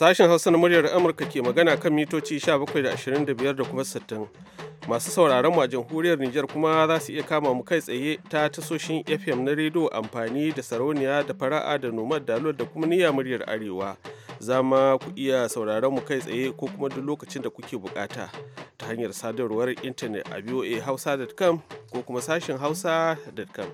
Sashen Hausa na muryar Amurka ke magana kan mitoci 17.25 da kuma 60. Masu sauraron mu a jamhuriyar Nijar kuma za su iya kama mu kai tsaye ta tasoshin FM na rediyo amfani da sarauniya da fara'a da nomad dalot da kuma niyya muryar Arewa. Zama ku iya sauraron mu kai tsaye ko kuma duk lokacin da kuke bukata ta hanyar sadarwar intanet a voahausa.com ko kuma sashen hausa.com.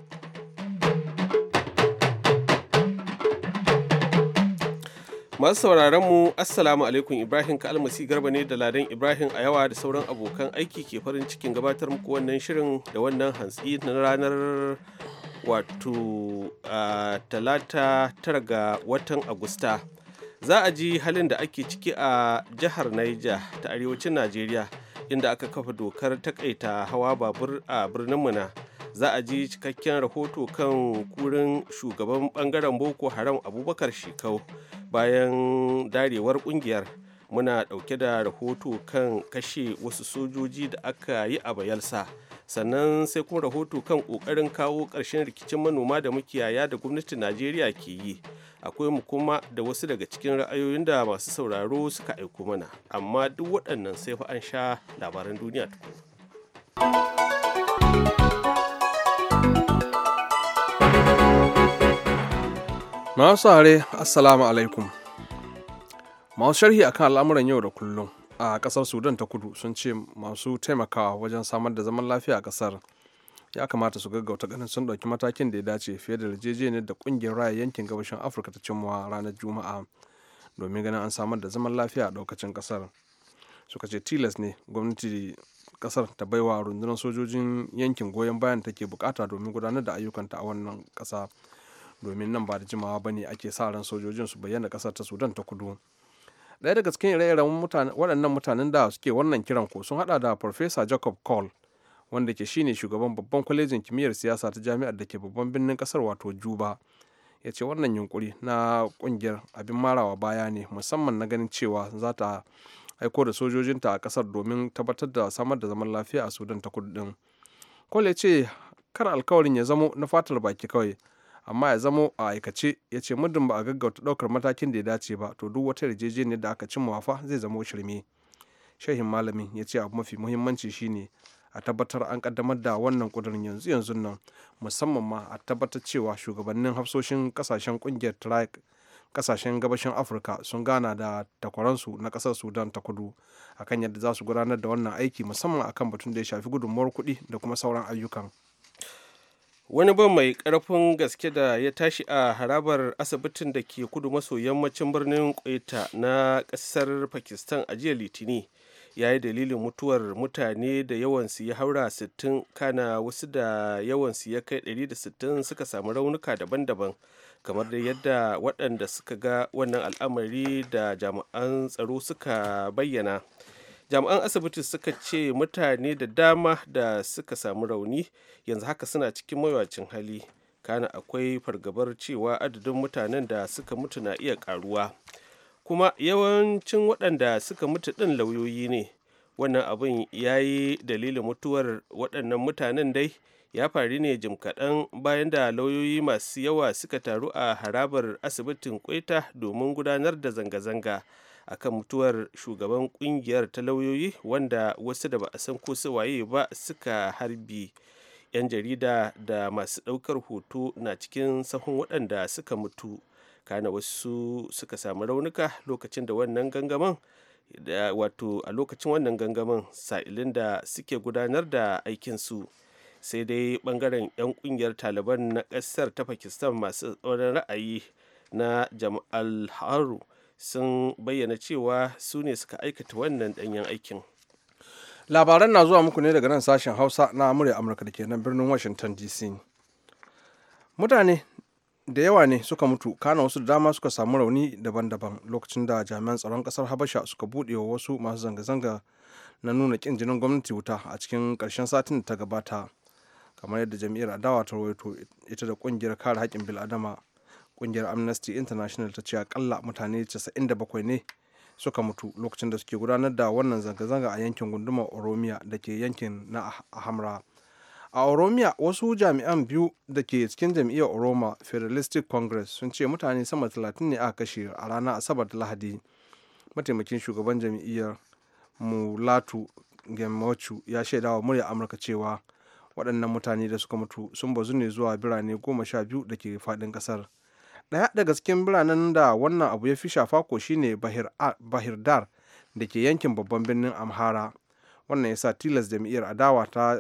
Masu sauraron mu Assalamu alaikum Ibrahim Kalmasi Garba ne da Ladan Ibrahim a yawa da sauran abokan aiki ke farin cikin gabatar muku wannan shirin da wannan hantsi na ranar wato talata tara ga watan Agusta. Za a ji halin da ake ciki a jihar Niger ta arewacin Najeriya inda aka kafa dokar takaita hawa babur a birnin Muna. Za a ji cikakken rahoto kan kurin shugaban bangaren Boko Haram Abubakar Shekau. bayan darewar kungiyar muna dauke da rahoto kan kashe wasu sojoji da aka yi a bayelsa sannan sai kuma rahoto kan kokarin kawo ƙarshen rikicin manoma da makiyaya da gwamnatin najeriya ke yi akwai mu kuma da wasu daga cikin ra'ayoyin da masu sauraro suka aiko mana amma duk waɗannan sai fa an sha labaran duniya tukuna. masu saurare assalamu alaikum masu sharhi akan al'amuran yau da kullum a kasar sudan ta kudu sun ce masu taimakawa wajen samar da zaman lafiya a kasar ya kamata su gaggauta ganin sun ɗauki matakin da ya dace fiye da yarjejeniyar da ƙungiyar raya yankin gabashin afirka ta cimma ranar juma'a domin ganin an samar da zaman lafiya a ɗaukacin kasar suka ce tilas ne gwamnati kasar ta baiwa rundunar sojojin yankin goyon bayan take bukata domin gudanar da ayyukanta a wannan ƙasa domin nan ba da jimawa ba ne ake sa ran sojojin su bayyana kasar ta sudan ta kudu ɗaya daga cikin ire-iren waɗannan mutanen da suke wannan kiran ko sun haɗa da farfesa jacob cole wanda ke shine shugaban babban kwalejin kimiyyar siyasa ta jami'ar da ke babban birnin kasar wato juba ya ce wannan yunkuri na kungiyar abin marawa baya ne musamman na ganin cewa za ta aiko da sojojinta a kasar domin tabbatar da samar da zaman lafiya a sudan ta kudu din kole ya ce kar alkawarin ya zamo na fatar baki kawai amma ya zamo a aikace ya ce muddin ba a gaggauta ɗaukar matakin da ya dace ba to duk wata yarjejeniyar da aka cimma fa zai zamo shirme shehin malamin ya ce abu mafi muhimmanci shine a tabbatar an kaddamar da wannan kudurin yanzu yanzu nan musamman ma a tabbatar cewa shugabannin hafsoshin kasashen kungiyar track kasashen gabashin afirka sun gana da takwaransu na kasar sudan ta kudu akan yadda za su gudanar da wannan aiki musamman akan batun da ya shafi gudunmuwar kuɗi da kuma sauran ayyukan wani ban mai karfin gaske da ya tashi a harabar asibitin da ke kudu maso yammacin birnin kwaita na kasar pakistan a jiya litini ya yi dalilin mutuwar mutane da yawansu ya haura 60 kana wasu da yawansu ya kai 160 suka samu raunuka daban-daban kamar da yadda waɗanda suka ga wannan al'amari da jami'an tsaro suka bayyana jami'an asibiti suka ce mutane da dama da suka samu rauni yanzu haka suna cikin mawacin hali kana akwai fargabar cewa adadin mutanen da suka mutu na iya karuwa kuma yawancin waɗanda suka mutu ɗin lauyoyi ne wannan abin ya yi dalilin mutuwar waɗannan mutanen dai ya faru ne jim kaɗan bayan da lauyoyi masu yawa suka taru a harabar asibitin kweta domin gudanar da zanga-zanga akan mutuwar shugaban kungiyar lauyoyi wanda wasu da ba a san ko su waye ba suka harbi yan jarida da masu daukar hoto na cikin sahun waɗanda suka mutu kana wasu suka samu raunuka lokacin da wannan gangaman wato a lokacin wannan gangamin sa'ilin da suke gudanar da aikinsu sai dai bangaren 'yan kungiyar taliban na ƙasar ta pakistan masu tsoron ra'ayi na jam'al haru sun bayyana cewa su ne suka aikata wannan danyen aikin labaran na zuwa muku ne daga nan sashen hausa na amurya amurka da ke nan birnin washington dc mutane da yawa ne suka mutu kana wasu da dama suka samu rauni daban-daban lokacin da jami'an tsaron kasar habasha suka buɗe wa wasu masu zanga-zanga na nuna kin jinin gwamnati wuta a cikin karshen satin da ta gabata kamar yadda jam'iyyar adawa ta rawaito ita da ƙungiyar kare haƙƙin bil'adama kungiyar amnesty international ta ce akalla mutane 97 ne suka mutu lokacin da suke gudanar da wannan zanga-zanga a yankin gundumar oromiya da ke yankin na hamra a Oromia wasu jami'an biyu da ke cikin jam'iyyar oroma federalistic congress sun ce mutane sama 30 ne aka kashe a ranar asabar da lahadi mataimakin shugaban jam'iyyar mulatu gemochu ya shaida wa murya amurka cewa waɗannan mutane da suka mutu sun bazu ne zuwa birane goma sha biyu da ke faɗin ƙasar ɗaya daga cikin biranen da wannan abu ya fi shafa ko shine bahirdar da ke yankin babban birnin amhara wannan ya sa tilas jam'iyyar adawa ta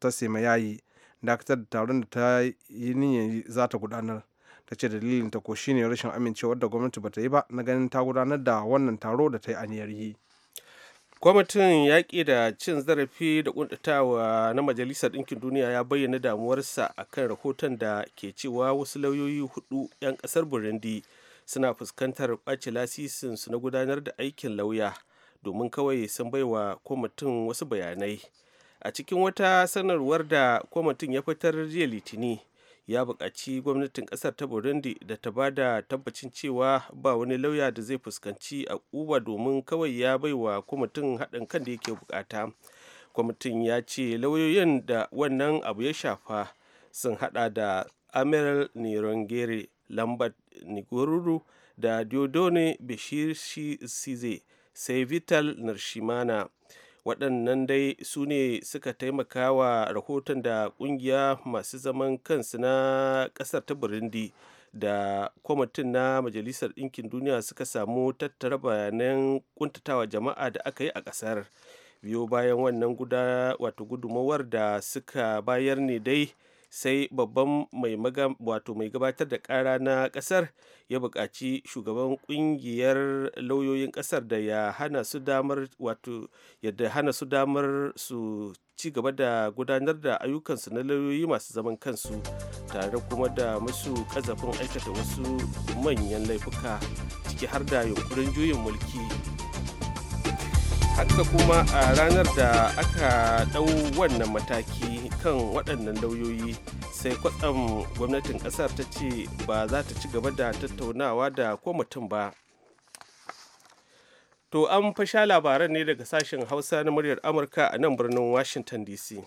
ta sema yayi dakatar da taron da ta yi niyyar za ta gudanar ta ce dalilin ta ko shine rashin amincewar da gwamnati ba ta yi ba na ganin ta gudanar da wannan taro da ta yi aniyar yi kwamitin yaƙi da cin zarafi da ƙuntatawa na majalisar ɗinkin duniya ya bayyana damuwarsa a kan rahoton da ke cewa wasu lauyoyi hudu 'yan ƙasar burundi suna fuskantar ɓace lasisinsu na gudanar da aikin lauya domin kawai sun baiwa kwamitin wasu bayanai a cikin wata sanarwar da kwamitin ya fitar jiya litini ya buƙaci gwamnatin ƙasar ta burundi da ta bada tabbacin cewa ba wani lauya da zai fuskanci a kuba domin kawai ya baiwa kwamitin haɗin kan da yake buƙata kwamitin ya ce lauyoyin da wannan abu ya shafa sun haɗa da amiral nirongere lambert nigururu da diodone bishir size sai vital narshimana waɗannan dai su ne suka taimaka wa rahoton da ƙungiya masu zaman kansu na ƙasar ta burundi da kwamitin na majalisar ɗinkin duniya suka samu tattara bayanan ƙuntatawa jama'a da aka yi a ƙasar biyo bayan wannan guda wato gudumawar da suka bayar ne dai sai babban mai wato mai gabatar da ƙara na ƙasar ya buƙaci shugaban ƙungiyar lauyoyin ƙasar da ya hana su damar wato yadda hana su damar su ci gaba da gudanar da ayyukansu na lauyoyi masu zaman kansu tare kuma da musu ƙazafin aikata wasu manyan laifuka ciki har da yunkurin juyin mulki haka kuma a ranar da aka ɗau wannan mataki kan waɗannan lauyoyi sai kwatsam gwamnatin ƙasar ta ce ba za ta ci gaba da tattaunawa da ko mutum ba to an fasha labaran ne daga sashen hausa na muryar amurka a nan birnin washington dc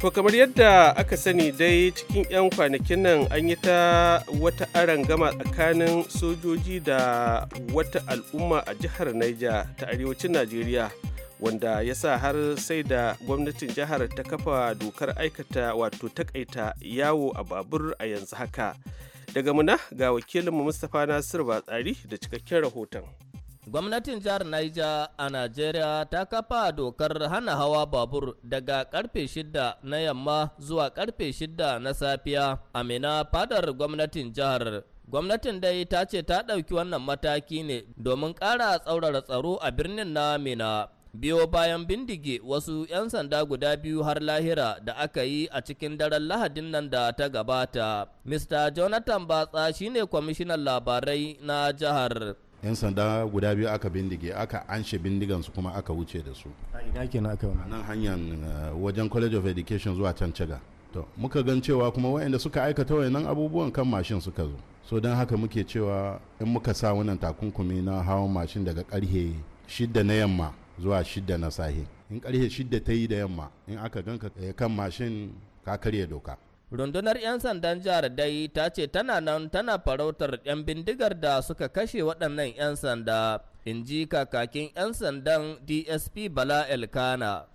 To kamar yadda aka sani dai cikin 'yan kwanakin nan an yi ta wata gama tsakanin sojoji da wata al'umma a jihar Niger ta arewacin Najeriya wanda ya sa har sai da gwamnatin jihar ta kafa dokar aikata wato takaita yawo a babur a yanzu haka. Daga muna ga wakilinmu Mustapha Nasiru Batsari da cikakken rahoton. Gwamnatin jihar Niger a Najeriya ta kafa dokar hana hawa babur daga karfe shida na yamma zuwa karfe shida na safiya a Mina fadar gwamnatin jihar. Gwamnatin dai ta ce ta ɗauki wannan mataki ne domin ƙara tsaurara tsaro a birnin na Mina. Biyo bayan bindige wasu 'yan sanda guda biyu har lahira da aka yi a cikin daren lahadin nan da ta gabata. Mr. Jonathan Batsa shine kwamishinan labarai na jihar. yan sanda guda biyu aka bindige aka anshe bindigan su kuma aka wuce da su a ina kenan aka nan hanyar eh, wajen college of education zuwa can ciga to muka gan cewa kuma wayanda suka aikata wayannan abubuwan kan mashin suka zo so don haka muke cewa in muka sa wannan takunkumi na hawan mashin daga karhe shidda na yamma zuwa shidda na sahi in karhe shidda ta yi da yamma in aka ganka eh, kan mashin ka karya doka rundunar 'yan sandan jihar dai ta ce tana nan tana farautar 'yan bindigar da suka kashe waɗannan 'yan sanda in ji kakakin 'yan sandan dsp bala elkana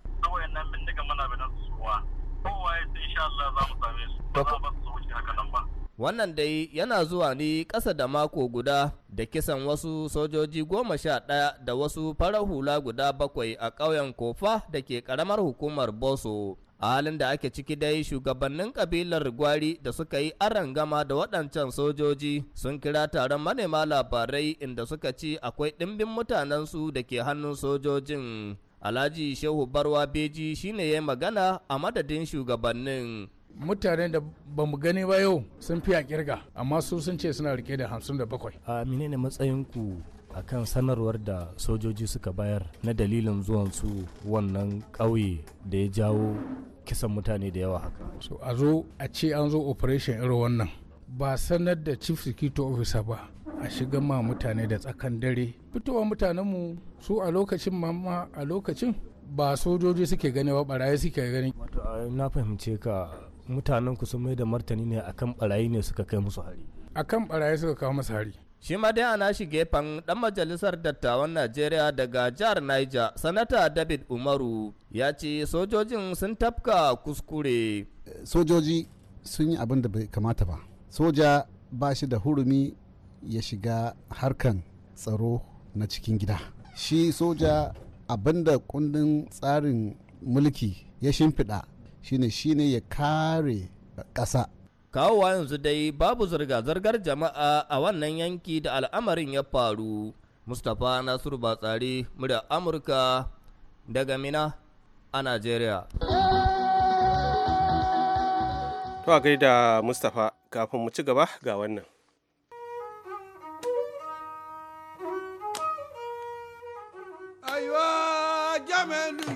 wannan dai yana zuwa ne ƙasa da mako guda da kisan wasu sojoji goma sha ɗaya da wasu farar hula guda bakwai a ƙauyen kofa da ke ƙaramar hukumar boso A halin da ake ciki dai shugabannin kabilar gwari da suka yi aron gama da waɗancan sojoji sun kira taron manema labarai inda suka ci akwai ɗimbin mutanensu da ke hannun sojojin alhaji shehu barwa beji shine ya magana a madadin shugabannin mutanen da ba mu gani ba yau sun fi kirga amma su sun ce suna rike da hamsin da bakwai a menene matsayinku. akan sanarwar da sojoji suka bayar na dalilin zuwansu wannan ƙauye da ya jawo kisan mutane da yawa haka so a zo a ce an zo operation irin wannan ba sanar da chief security officer ba a shiga ma mutane da tsakan dare fitowa mutanenmu su a lokacin mamma a lokacin ba sojoji suke gani ba barayi suke gani wato na fahimce ka mutanen ku sun mai da martani ne akan barayi ne suka kai musu hari akan barayi suka kawo musu hari Shi ma dai ana shi gefen ɗan majalisar dattawan Najeriya daga jihar Niger, Sanata David Umaru ya ce sojojin sun tafka kuskure. Sojoji sun yi abin da bai kamata ba. Soja ba shi da hurumi ya shiga harkan tsaro na cikin gida. Shi soja abin da kundin tsarin mulki ya shimfiɗa shine shine ya kare ƙasa kawowa yanzu dai babu zirga-zirgar jama'a a wannan yanki da al'amarin ya faru mustapha nasiru batsari murya amurka daga mina a najeriya to a gaida mustapha kafin mu ci gaba ga wannan Ayo, jamenu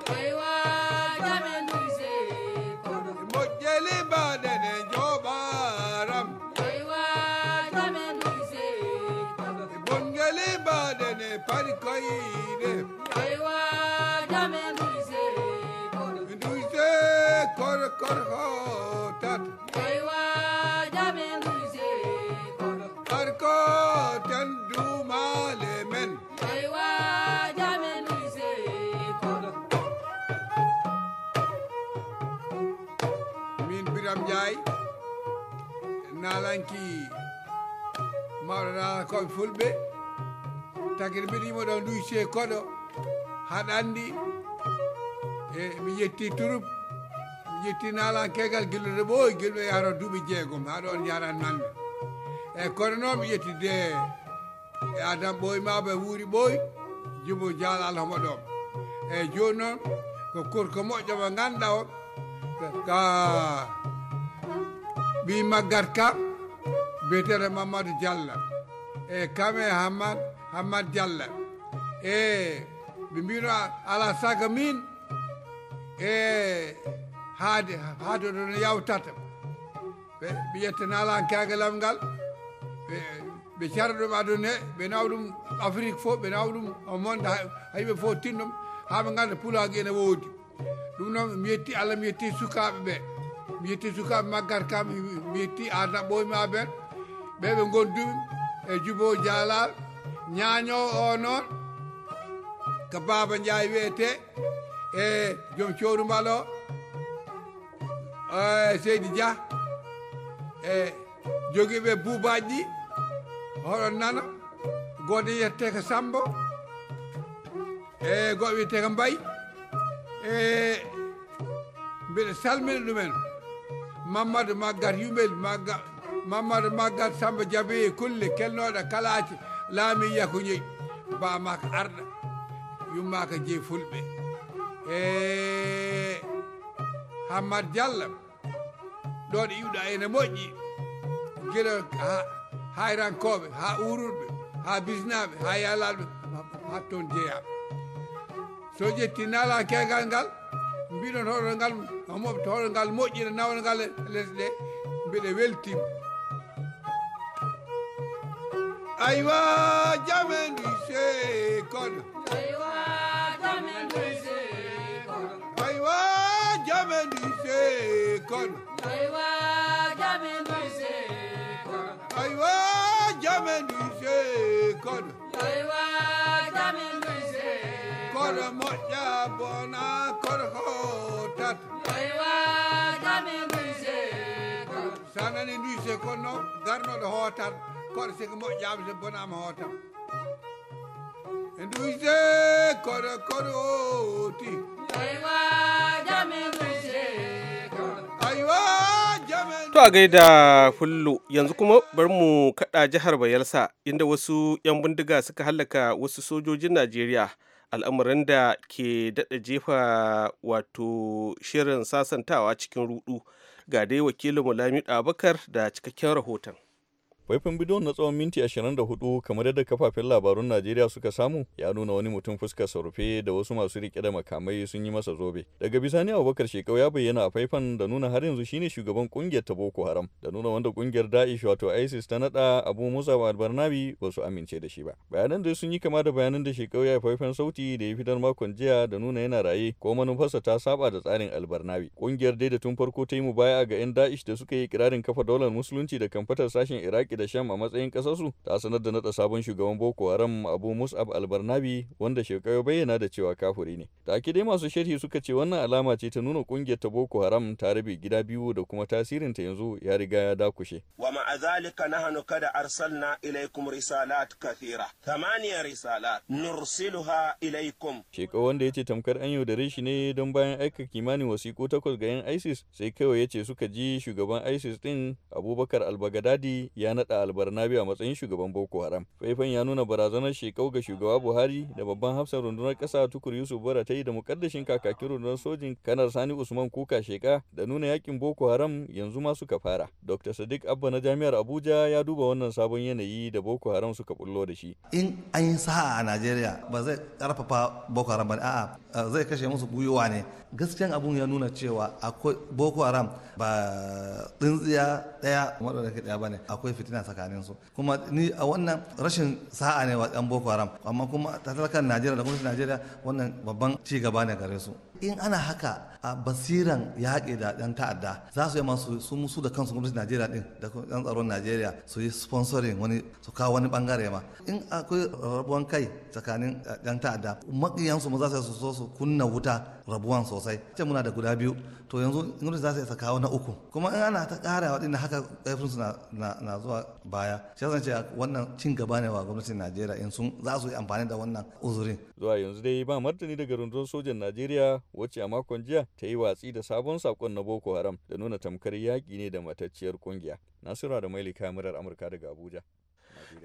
nalanki mawɗana koɓe fulɓe taguel mbeɗimo ɗon duyse koɗo haɗa andi e eh, mi yetti turup mi yetti nalankegal gillude ɓooy gilɗo yaro duuɓi jeegom haɗo on jaran eh, nanga e eh, kono noon mi yettide e adam ɓooy maɓe wuuri ɓooy jumo jaal alhamo ɗom eyyi joni noon ko korko moƴƴo mo ganduɗa o ka ɓi maggat ka biyeteɗo mamadou diallah e kame hammat hamadiyalla e bimira ala saga min e haade haade ɗon yawtata ɓe ɓe ala kagalal ngal ɓe ɓe cara ɗum aduna he ɓe nawa ɗum afrique fof ɓe nawa ɗum monde hayɓe fof tinɗum ha ɓe ganda pulagi ene woodi ɗum noon mi yetti allah mi yetti sukaɓe ɓe mi yetti sukaɓe maggat kam mi yetti adna ɓoyma Ben ɓe ɓe gondumi e jubo dialal ñañowo o noon ko baba ndiaye wiyete e joom cowru mbal o seydi dia e joguiɓe buubaji ɗi hoɗon nana goto yiyete ko sambo e goto wiyete ko mbayi e mbiɗa salmina ɗumen mamadou maggat yumel magga mamadou maggat samba jabe kulli kelnoɗo kalaati laamiya ko ñoyi bamaka arɗa yummaka jeey fulɓe e hammad diallo ɗon e yuɗa ene moƴƴi guila ha hayrankoɓe ha ururɓe ha bisnaɓe ha yalaɓe hat toon jeeyaɓe so ƴetti naala kegal ngal mbiɗon hoɗo ngal moɓto hoɗo ngal moƴƴina nawal ngal e lesɗe mbiɗa weltima Aywa jamen ni se kɔnɔ. ayiwa jame ni se kɔnɔ. ayiwa jame ni se kɔnɔ. ayiwa jame ni se kɔnɔ. ayiwa jame ni se kɔnɔ. ayiwa jame ni se kɔnɔ. kɔrɔmɔja bɔnna kɔrɔ tata. ayiwa jame ni se kɔnɔ. sanani ni se kɔnɔ garino de hɔ koɗo To a gaida fullu yanzu kuma bar mu kaɗa jihar Bayelsa inda wasu 'yan bindiga suka hallaka wasu sojojin Najeriya al'amuran da ke daɗa jefa wato shirin sasantawa cikin rudu ga dai wakilin Lamidu Abakar da cikakken rahoton. Faifan bidiyon na tsawon minti 24 kamar yadda kafafen labarun Najeriya suka samu ya nuna wani mutum fuskar sa rufe da wasu masu rike da makamai sun yi masa zobe. Daga bisani Abubakar Shekau ya bayyana a faifan da nuna har yanzu shine shugaban kungiyar ta Boko Haram da nuna wanda kungiyar Daesh wato ISIS ta nada Abu Musa wa Barnabi ba su amince da shi ba. Bayanan dai sun yi kama da bayanan da Shekau ya faifan sauti da ya fitar makon jiya da nuna yana raye ko manufarsa ta saba da tsarin albarnabi. Kungiyar dai da tun farko ta yi mubaya ga 'yan Daesh da suka yi kirarin kafa daular musulunci da kamfatar sashen Iraki da Sham a matsayin kasarsu ta sanar da naɗa sabon shugaban Boko Haram Abu Mus'ab Albarnabi wanda shekaru bayyana da cewa kafuri ne. ake dai masu sharhi suka ce wannan alama ce ta nuna kungiyar ta Boko Haram ta rabe gida biyu da kuma tasirin ta yanzu ya riga ya dakushe. Wa ma'a zalika nahnu kada arsalna ilaikum risalat kathira. Thamaniya risalat nursiluha ilaikum. Shekau wanda ya ce tamkar an yaudare shi ne don bayan aika kimanin wasiku takwas ga 'yan ISIS sai kawai ya ce suka ji shugaban ISIS din Abubakar Albagadadi ya naɗa naɗa albarnabi a matsayin shugaban boko haram faifan ya nuna barazanar shekau ga shugaba buhari da babban hafsan rundunar ƙasa tukur yusuf bara ta yi da mukaddashin kakakin rundunar sojin kanar sani usman kuka sheka da nuna yakin boko haram yanzu ma suka fara dr sadiq abba na jami'ar abuja ya duba wannan sabon yanayi da boko haram suka bullo da shi in an yi sa'a a najeriya ba zai karfafa boko haram ba a'a zai kashe musu gwiwa ne gaskiyan abun ya nuna cewa akwai boko haram ba tsintsiya daya wadda ke daya ne akwai fitina fitina tsakanin su kuma ni a wannan rashin sa'a ne wa ɗan boko haram amma kuma talakan najeriya da gwamnatin najeriya wannan babban ci gaba ne gare su in ana haka a basiran yaƙi da ɗan ta'adda za su yi masu su musu da kansu gwamnatin najeriya ɗin da ɗan tsaron najeriya su yi sponsoring wani su kawo wani bangare ma in akwai rabuwan kai tsakanin ɗan ta'adda maƙiyansu ma za su so su kunna wuta rabuwan sosai ce muna da guda biyu to yanzu gwamnati za su ta kawo na uku kuma in ana ta ƙara waɗanda haka ƙarfinsu na zuwa baya shi yasa ce wannan cin gaba ne wa gwamnatin najeriya in sun za su yi amfani da wannan uzurin zuwa yanzu dai ba martani daga rundunar sojan najeriya wacce a makon jiya ta yi watsi da sabon sakon na Boko Haram da nuna tamkar yaƙi ne da matacciyar ƙungiya Nasiru da Maili kamarar Amurka daga Abuja.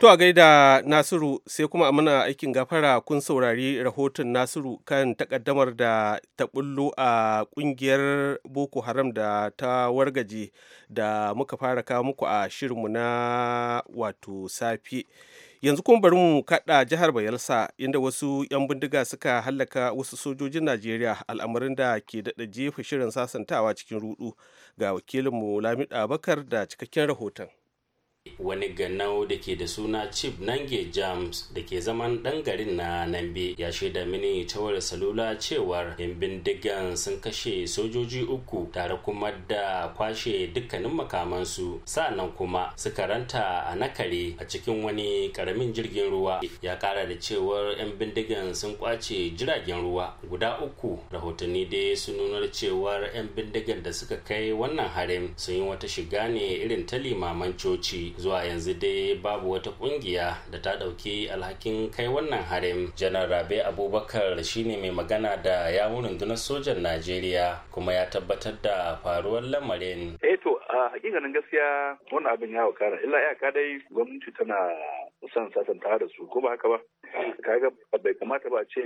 To a gaida Nasiru sai kuma a muna aikin gafara kun saurari rahoton Nasiru kan takaddamar da ta bullo a kungiyar Boko Haram da ta wargaje da muka fara kawo muku a shirinmu na wato safe. yanzu kuma bari mu kaɗa jihar bayelsa inda wasu 'yan bindiga suka hallaka wasu sojojin najeriya al'amarin da ke daɗa jefa shirin sasantawa cikin rudu ga wakilinmu lamida bakar da cikakken rahoton wani ganau da ke da suna chip nange james da ke zaman dan garin na nambe ya shaida mini ta wayar salula cewar yan bindigan sun kashe sojoji uku tare kuma da kwashe dukkanin makamansu sa'annan kuma suka ranta a nakare a cikin wani karamin jirgin ruwa ya kara da cewar yan bindigan sun kwace jiragen ruwa guda uku rahotanni dai sun nunar cewar yan bindigan da suka kai wannan harin sun yi wata shiga ne irin ta limaman coci zuwa yanzu dai babu wata kungiya da ta ɗauki alhakin kai wannan harin janar rabe abubakar shine mai magana da yawun rundunar sojan najeriya kuma ya tabbatar da faruwar lamarin eh to a hakikanin gaskiya wannan abin ya kara illa iyaka dai gwamnati tana son tare da su ko ba haka ba kaga bai kamata ba ce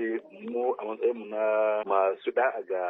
mu a mu na masu da'a ga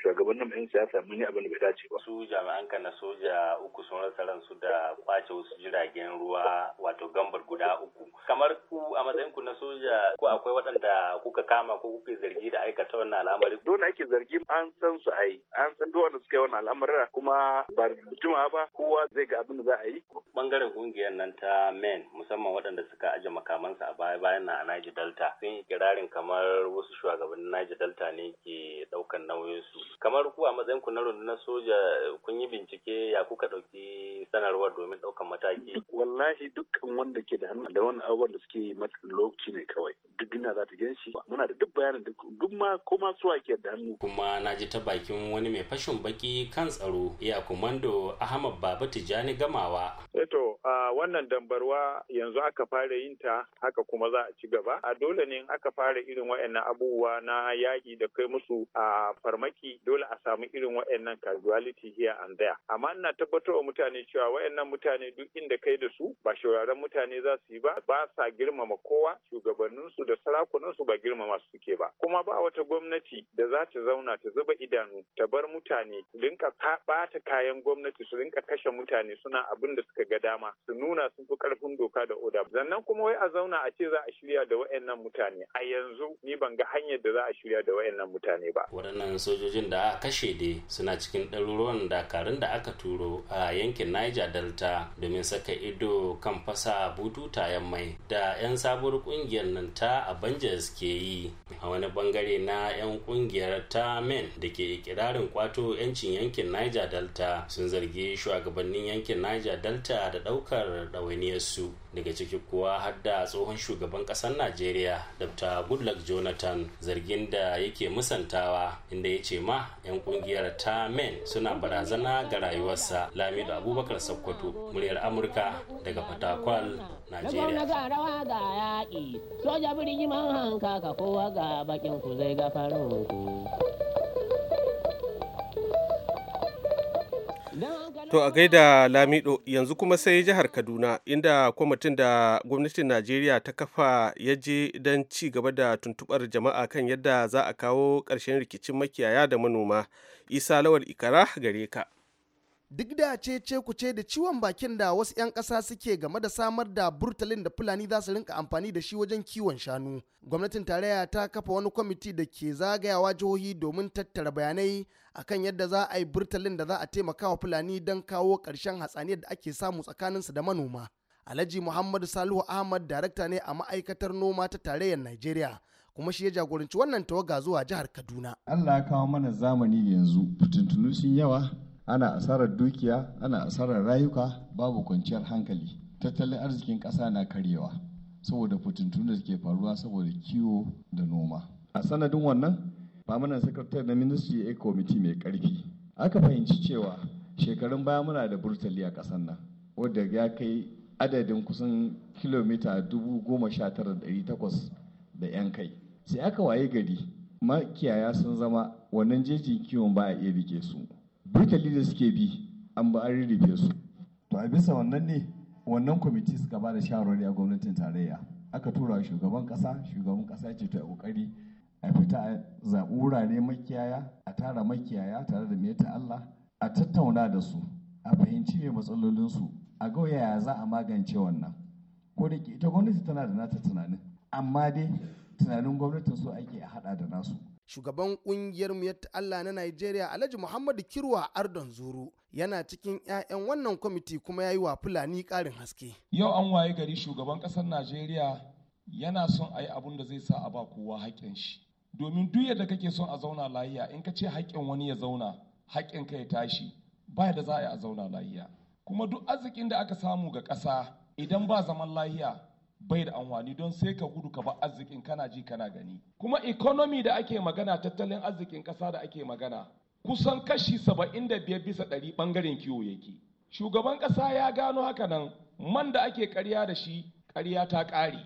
shugabannin yan siyasa mun yi abin da bai dace ba su jami'an ka na soja uku sun rasa ransu da kwace wasu jira jiragen ruwa wato gambar guda uku kamar ku a matsayin ku na soja ko akwai waɗanda kuka kama ko kuke zargi da aikata wannan al'amari dole ake zargi an san su ai an san duk wanda suka yi wannan al'amarin kuma ba juma'a ba kowa zai ga abin da za a yi bangaren kungiyar nan ta men musamman waɗanda suka aje makamansa a baya bayan na naji Delta sun yi kirarin kamar wasu shugabannin naji Delta ne ke ɗaukan nauyinsu kamar ku a matsayin ku na rundunar soja kun yi bincike ya kuka ɗauki sanarwar domin ɗaukan mataki wallahi dukkan wanda ke da hannu da wani abubuwan da suke yi mata lokaci ne kawai duk gina za ta gan shi muna da duk bayanin duk ma ko ma suwa ke da hannu. kuma na ji ta bakin wani mai fashin baki kan tsaro iya kumando ahmad baba tijjani gamawa Eto eh, a wannan dambarwa yanzu aka fara yin ta haka kuma za a ci gaba. A dole ne aka fara irin wa'annan abubuwa na yaƙi da kai musu a farmaki dole a samu irin wa'annan casualty here and there. Amma ina tabbatar wa mutane cewa wa'annan mutane duk inda kai da su ba shauraren mutane za su yi ba ba sa girmama kowa shugabanninsu da sarakunansu ba girmama su suke ba. Kuma ba wata gwamnati da za ta zauna ta zuba idanu ta bar mutane su rinka ɓata kayan gwamnati su rinka kashe mutane suna abin da suka ga dama su nuna sun fi karfin doka da oda sannan kuma wai a zauna a ce za a shirya da wayannan mutane a yanzu ni ban ga hanyar da za a shirya da wayannan mutane ba waɗannan sojojin da aka kashe dai suna cikin ɗaruruwan dakarun da aka turo a yankin Niger Delta domin saka ido kan fasa yan mai da 'yan sabuwar kungiyar nan ta Avengers ke yi a wani bangare na 'yan kungiyar ta men da ke ikirarin kwato 'yancin yankin Niger Delta sun zargi shugabannin yankin Niger Delta hada da daukar ɗawainiyarsu daga ciki kuwa har da tsohon shugaban ƙasar najeriya dr goodluck jonathan zargin da yake musantawa inda ya ce ma 'yan kungiyar ta men suna barazana ga rayuwarsa lamido abubakar sakkwato muryar amurka daga fatakwal najeriya ga birni man hanka ka kowa ga bakin ku zai gafarin ku To a gaida Lamido yanzu kuma sai jihar Kaduna inda kwamitin da gwamnatin Najeriya ta kafa ya je don ci gaba da tuntubar jama'a kan yadda za a kawo ƙarshen rikicin makiyaya da manoma. Isa Lawal Ikara gare ka. duk da ce ku ce da ciwon bakin da wasu 'yan ƙasa suke game da samar da burtalin da fulani za su rinka amfani da shi wajen kiwon shanu gwamnatin tarayya ta kafa wani kwamiti da ke zagayawa jihohi domin tattara bayanai akan yadda za a yi burtalin da za a taimaka wa fulani don kawo karshen hatsaniyar da ake samu tsakaninsu da manoma alhaji muhammadu salihu ahmad darakta ne a ma'aikatar noma ta tarayyar nigeria kuma shi ya jagoranci wannan tawaga zuwa jihar kaduna allah ya kawo mana zamani yanzu fitintunu sun yawa ana asarar dukiya ana asarar rayuka babu kwanciyar hankali tattalin arzikin ƙasa na karyewa saboda fitintun da suke faruwa saboda kiwo da noma a sanadin wannan famunan sakatare na ministry a kwamiti mai karfi aka fahimci cewa shekarun baya muna da burtali a ƙasar nan wadda ya kai adadin kusan kilomita dubu goma sha tara ɗari takwas da yan kai sai aka waye gari makiyaya sun zama wannan jejin kiwon ba a iya rike su brutally da suke bi an ba an rirrife su to a bisa wannan ne wannan kwamiti suka ba da shawarwari a gwamnatin tarayya aka tura shugaban kasa shugaban kasa ce ta kokari a fita a zaɓi wurare makiyaya a tara makiyaya tare da meta Allah a tattauna da su a fahimci mai matsalolinsu a ga yaya za a magance wannan ko da ita gwamnati tana da nata tunanin amma dai tunanin gwamnatin su ake a hada da nasu shugaban kungiyar muyatta Allah na nigeria Alhaji muhammad Kirwa Ardon Zuru yana cikin 'ya'yan wannan kwamiti kuma ya yi wa Fulani ƙarin haske. Yau an waye gari shugaban ƙasar Najeriya yana son ayi abun da zai sa a ba kowa haƙƙin shi. Domin duk yadda kake son a zauna lahiya in ka ce haƙƙin wani ya zauna haƙƙin ka ya tashi ba da za a yi a zauna lahiya. Kuma duk arzikin da aka samu ga ƙasa idan ba zaman lahiya bai da amfani don sai ka gudu ka ba arzikin kana ji kana gani kuma economy da ake magana tattalin arzikin ƙasa da ake magana kusan kashi saba'in da biyar bisa ɗari bangaren kiwo yake shugaban ƙasa ya gano haka nan man da ake karya da shi karya ta ƙare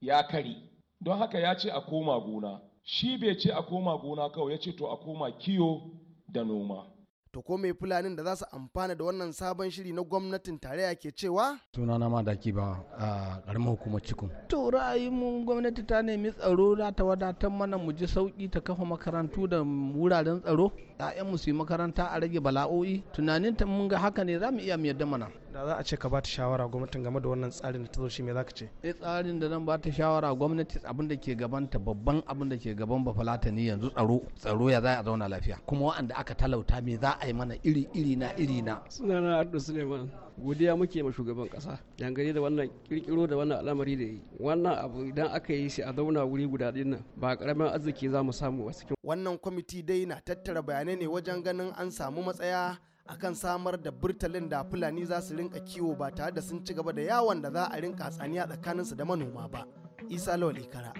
ya kare don haka ya ce a koma gona shi bai ce a koma gona kawai ya ce to a koma kiwo da noma to ko mai fulanin da za su amfana da wannan sabon shiri na gwamnatin tarayya ke cewa sunana ma daki ba a karamar hukumar cikin to ra'ayinmu gwamnati ta nemi tsaro za ta wadatar mana mu ji sauki ta kafa makarantu da wuraren tsaro 'ya'yan mu su yi makaranta a rage bala'o'i tunanin ta mun ga haka ne za mu iya mu yadda mana da za a ce ka ba ta shawara gwamnatin game da wannan tsarin da ta zo shi me zaka ce eh tsarin da zan ba ta shawara gwamnati abin da ke gaban ta babban abin da ke gaban falata ne yanzu tsaro tsaro ya za a zauna lafiya kuma wanda aka talauta me za a yi mana iri iri na iri na sunana Abdul Suleiman godiya muke ma shugaban kasa dangane da wannan kirkiro da wannan al'amari da yi wannan abu idan aka yi shi a zauna wuri guda din nan ba karamin arziki za mu samu wasu cikin wannan kwamiti dai na tattara bayanai ne wajen ganin an samu matsaya akan samar da burtalin da fulani za su rinka kiwo ba tare da sun ci gaba da yawon da za a rinka tsaniya tsakaninsu da manoma ba isa lawal ikara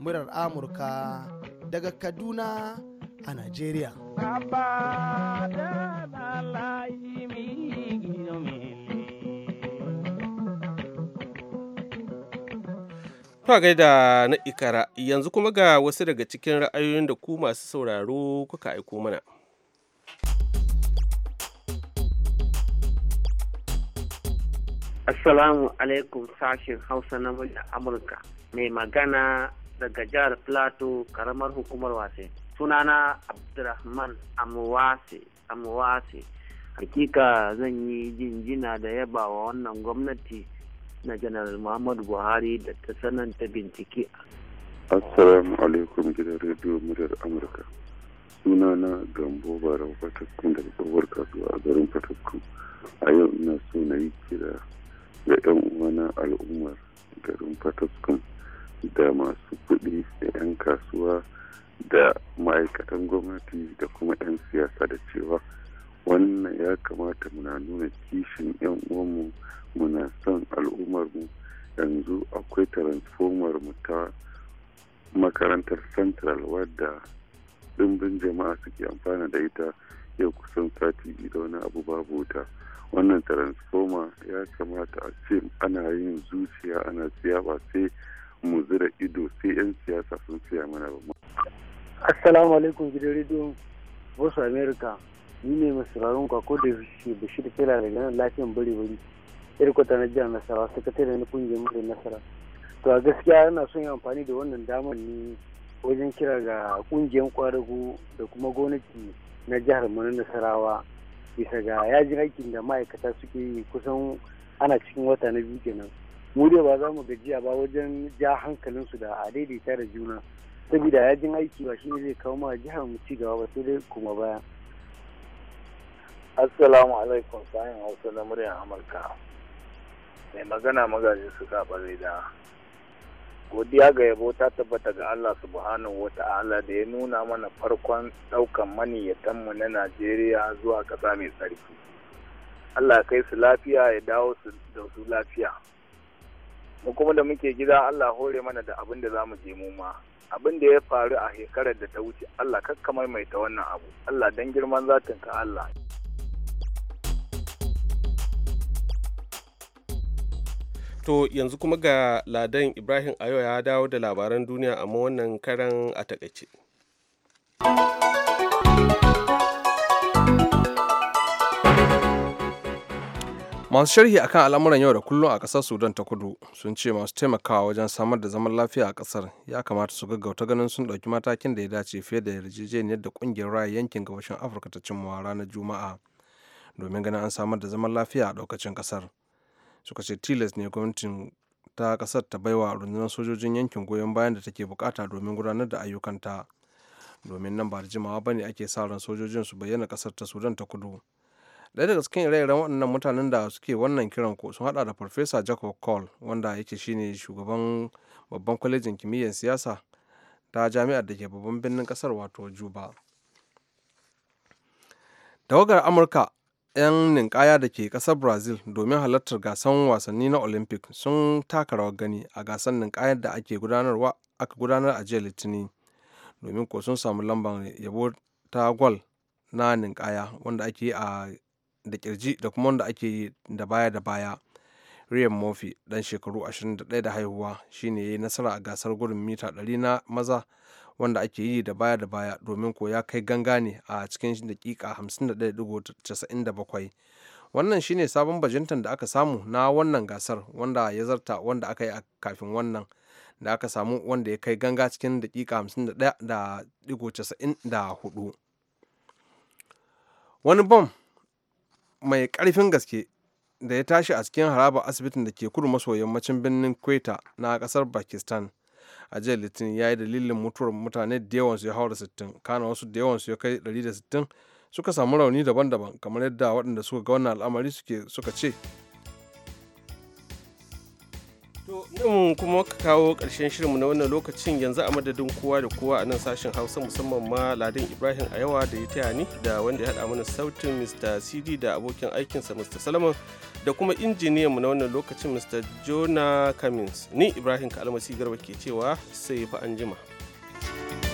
murar amurka daga kaduna a nigeria To gaida na ikara yanzu kuma ga wasu daga cikin ra'ayoyin da ku masu sauraro kuka aiko mana. Assalamu alaikum sashen Hausa na murya Amurka. Mai magana daga jihar Plateau karamar hukumar wase. Sunana Abdulrahman Amuwase. Amuwase. Hakika zan yi jinjina da yaba wa wannan gwamnati na janar Muhammadu Buhari da ta sananta bincike. Assalamu alaikum gidan rediyo muryar Amurka. Sunana Gambo Barau fatakun daga tsohuwar kasuwa a garin fatakun A yau ina so na yi kira ga 'yan na al'ummar garin fataskun da masu kuɗi da 'yan kasuwa da ma'aikatan gwamnati da kuma 'yan siyasa da cewa wannan ya kamata muna nuna kishin 'yan uwanmu muna son mu yanzu akwai transformer mu ta makarantar central wadda ɗimbin jama'a suke amfana da ita yau kusan sati biyu wani abu babu wuta wannan transformer ya kamata a ce ana yin zuciya ana siya ba sai mu zira ido sai 'yan siyasa sun siya mana ba. assalamu alaikum gidan rediyo wasu america ni ne mai sauraron kwako da shi da da fela da ganin lafiyan bari bari kwata na jihar nasara sakatare na kungiyar mai nasara to a gaskiya yana son yi amfani da wannan damar ne wajen kira ga kungiyar kwadago da kuma gwamnati na jihar mana nasarawa bisa ga yajin aikin da ma'aikata suke yi kusan ana cikin wata na biyu kenan mu dai ba za mu gajiya ba wajen ja su da a daidaita da juna saboda yajin aiki ba shine zai kawo ma jihar mu ci gaba ba sai dai kuma baya assalamu alaikum sayin hausa na muryar amurka mai magana magaji su bari da godiya ga yabo ta tabbata ga Allah subhanahu wa ta'ala da ya nuna mana farkon ɗaukan maniyyatanmu na Najeriya zuwa ƙasa mai tsarki. Allah kai su lafiya ya dawo su da su lafiya. Mu kuma da muke gida Allah hore mana da abin da za mu je mu ma. Abin da ya faru a shekarar da ta wuce Allah kakkamai mai ta wannan abu. Allah dan girman zatin ka Allah. To yanzu kuma ga Ladan Ibrahim Ayo ya dawo da labaran duniya amma wannan karan a takaice. masu sharhi akan al'amuran yau da kullum a ƙasar sudan ta kudu sun ce masu taimakawa wajen samar da zaman lafiya a ƙasar ya kamata su gaggauta ganin sun ɗauki matakin da ya dace fiye da yarjejeniyar da kungiyar raya yankin gabashin afirka ta cimma ranar juma'a domin ganin an samar da zaman lafiya a ɗaukacin ƙasar suka ce tilas ne gwamnatin ta kasar ta baiwa rundunar sojojin yankin goyon bayan da take bukata domin gudanar da ayyukanta domin nan ba da jimawa ba ne ake sa ran sojojin su bayyana kasar ta sudan ta kudu ɗaya daga cikin ire-iren waɗannan mutanen da suke wannan kiran ko sun haɗa da farfesa jacob cole wanda yake shine shugaban babban kwalejin kimiyyar siyasa ta jami'ar da ke babban birnin kasar wato juba tawagar amurka 'yan ninkaya da ke kasar Brazil domin halartar gasar wasanni na Olympic sun taka rawar gani a gasar ninkaya da ake aka gudanar a jiya Litinin, domin ko sun samu lambar yabo ta gwal na ninkaya wanda ake yi da kirji da kuma wanda ake yi da baya da baya. Ryan Murphy, dan shekaru 21 da haihuwa, shine ya yi nasara a gasar gudun mita 100 na maza wanda ake yi da baya da baya domin ko ya kai ganga ne a cikin dakika 51.97 wannan shine sabon bajintan da aka samu na wannan gasar wanda ya zarta wanda aka yi a kafin wannan da aka samu wanda ya kai ganga cikin dakika 51.94 wani bom mai karfin gaske da ya tashi a cikin haraba asibitin da ke kudu maso yammacin birnin kweta na kasar pakistan a jiya litinin ya yi dalilin mutuwar mutane da su ya haura 60 kana wasu da su ya kai 160 suka samu rauni daban-daban kamar yadda waɗanda suka ga wannan al'amari suka ce din kuma ka kawo ƙarshen shirinmu na wannan lokacin yanzu a madadin kowa da kowa a nan sashen hausa musamman ma ladin ibrahim a yawa da ya taya ni da wanda ya haɗa mana sautin mr cd da abokin aikinsa mr salman da kuma injiniyanmu na wannan lokacin mr jona cummins ni ibrahim kalmasi garba ke cewa sai fa anjima. jima